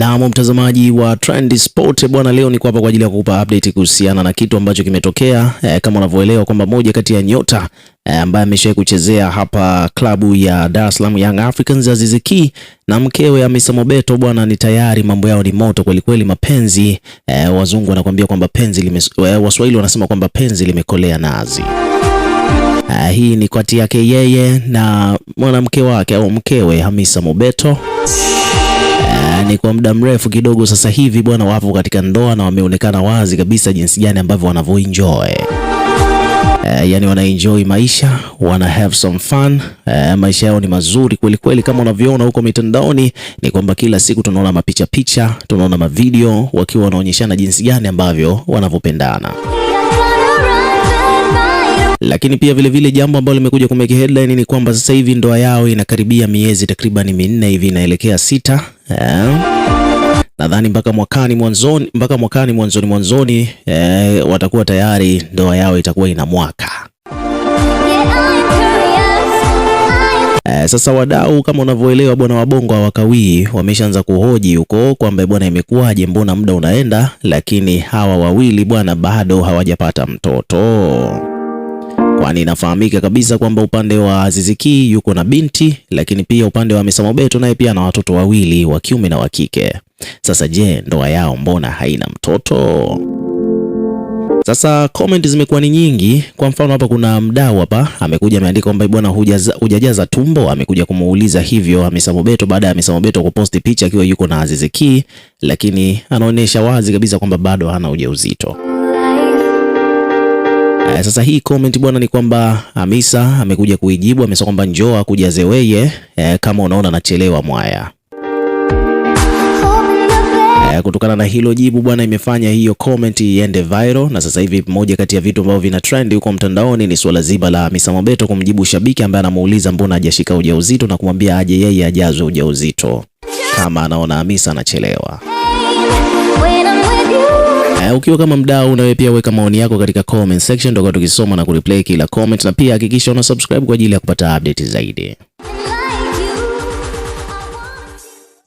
Naam, mtazamaji wa Trend Sport bwana, leo niko hapa kwa ajili ya kukupa update kuhusiana na kitu ambacho kimetokea eh, kama unavyoelewa kwamba moja kati ya nyota eh, ambaye ameshawahi kuchezea hapa klabu ya Dar es Salaam Young Africans Aziz Ki na mkewe Hamisa Mobeto bwana, ni tayari mambo yao ni moto kweli kweli, mapenzi eh, wazungu wanakuambia kwamba penzi lime, eh, Waswahili wanasema kwamba penzi limekolea nazi. Uh, eh, hii ni kati yake yeye na mwanamke wake au mkewe Hamisa Mobeto Eh, ni kwa muda mrefu kidogo sasa hivi bwana, wapo katika ndoa na wameonekana wazi kabisa jinsi gani ambavyo wanavyoenjoy Uh, yani wanaenjoy maisha, wana have some fun Uh, maisha yao ni mazuri kweli kweli. Kama unavyoona huko mitandaoni ni kwamba kila siku tunaona mapicha picha, tunaona mavideo wakiwa wanaonyeshana jinsi gani ambavyo wanavyopendana. Lakini pia vile vile jambo ambalo limekuja make headline ni kwamba sasa hivi ndoa yao inakaribia miezi takriban minne hivi, inaelekea sita eh. nadhani mpaka mwakani mwanzoni mpaka mwakani mwanzoni mwanzoni eh, watakuwa tayari ndoa yao itakuwa ina mwaka. Eh, sasa wadau kama unavyoelewa bwana, wabongo hawakawii, wameshaanza kuhoji huko kwamba bwana, imekuwaje, mbona muda unaenda, lakini hawa wawili bwana bado hawajapata mtoto kwani inafahamika kabisa kwamba upande wa Aziziki yuko na binti, lakini pia upande wa Hamisa Mobeto naye pia ana watoto wawili wa kiume na wa kike. Sasa je, ndoa yao mbona haina mtoto? Sasa comment zimekuwa ni nyingi. Kwa mfano hapa kuna mdau hapa amekuja ameandika kwamba bwana, hujajaza tumbo. Amekuja kumuuliza hivyo Hamisa Mobeto baada ya Hamisa Mobeto kuposti picha akiwa yuko na Aziziki, lakini anaonyesha wazi kabisa kwamba bado hana ujauzito. Aya, sasa hii comment bwana ni kwamba Hamisa ah, amekuja kuijibu, amesema kwamba njoo akuja zeweye eh, kama unaona nachelewa mwaya. Eh, kutokana na hilo jibu bwana, imefanya hiyo comment iende viral, na sasa hivi moja kati ya vitu ambavyo vina trend huko mtandaoni ni suala zima la Hamisa Mobeto kumjibu shabiki ambaye anamuuliza mbona hajashika ujauzito na kumwambia aje yeye ajazwe ujauzito kama anaona Hamisa anachelewa ukiwa kama mdau unawe pia weka maoni yako katika comment section, tutakuwa tukisoma na kureplay kila comment, na pia hakikisha una subscribe kwa ajili ya kupata update zaidi.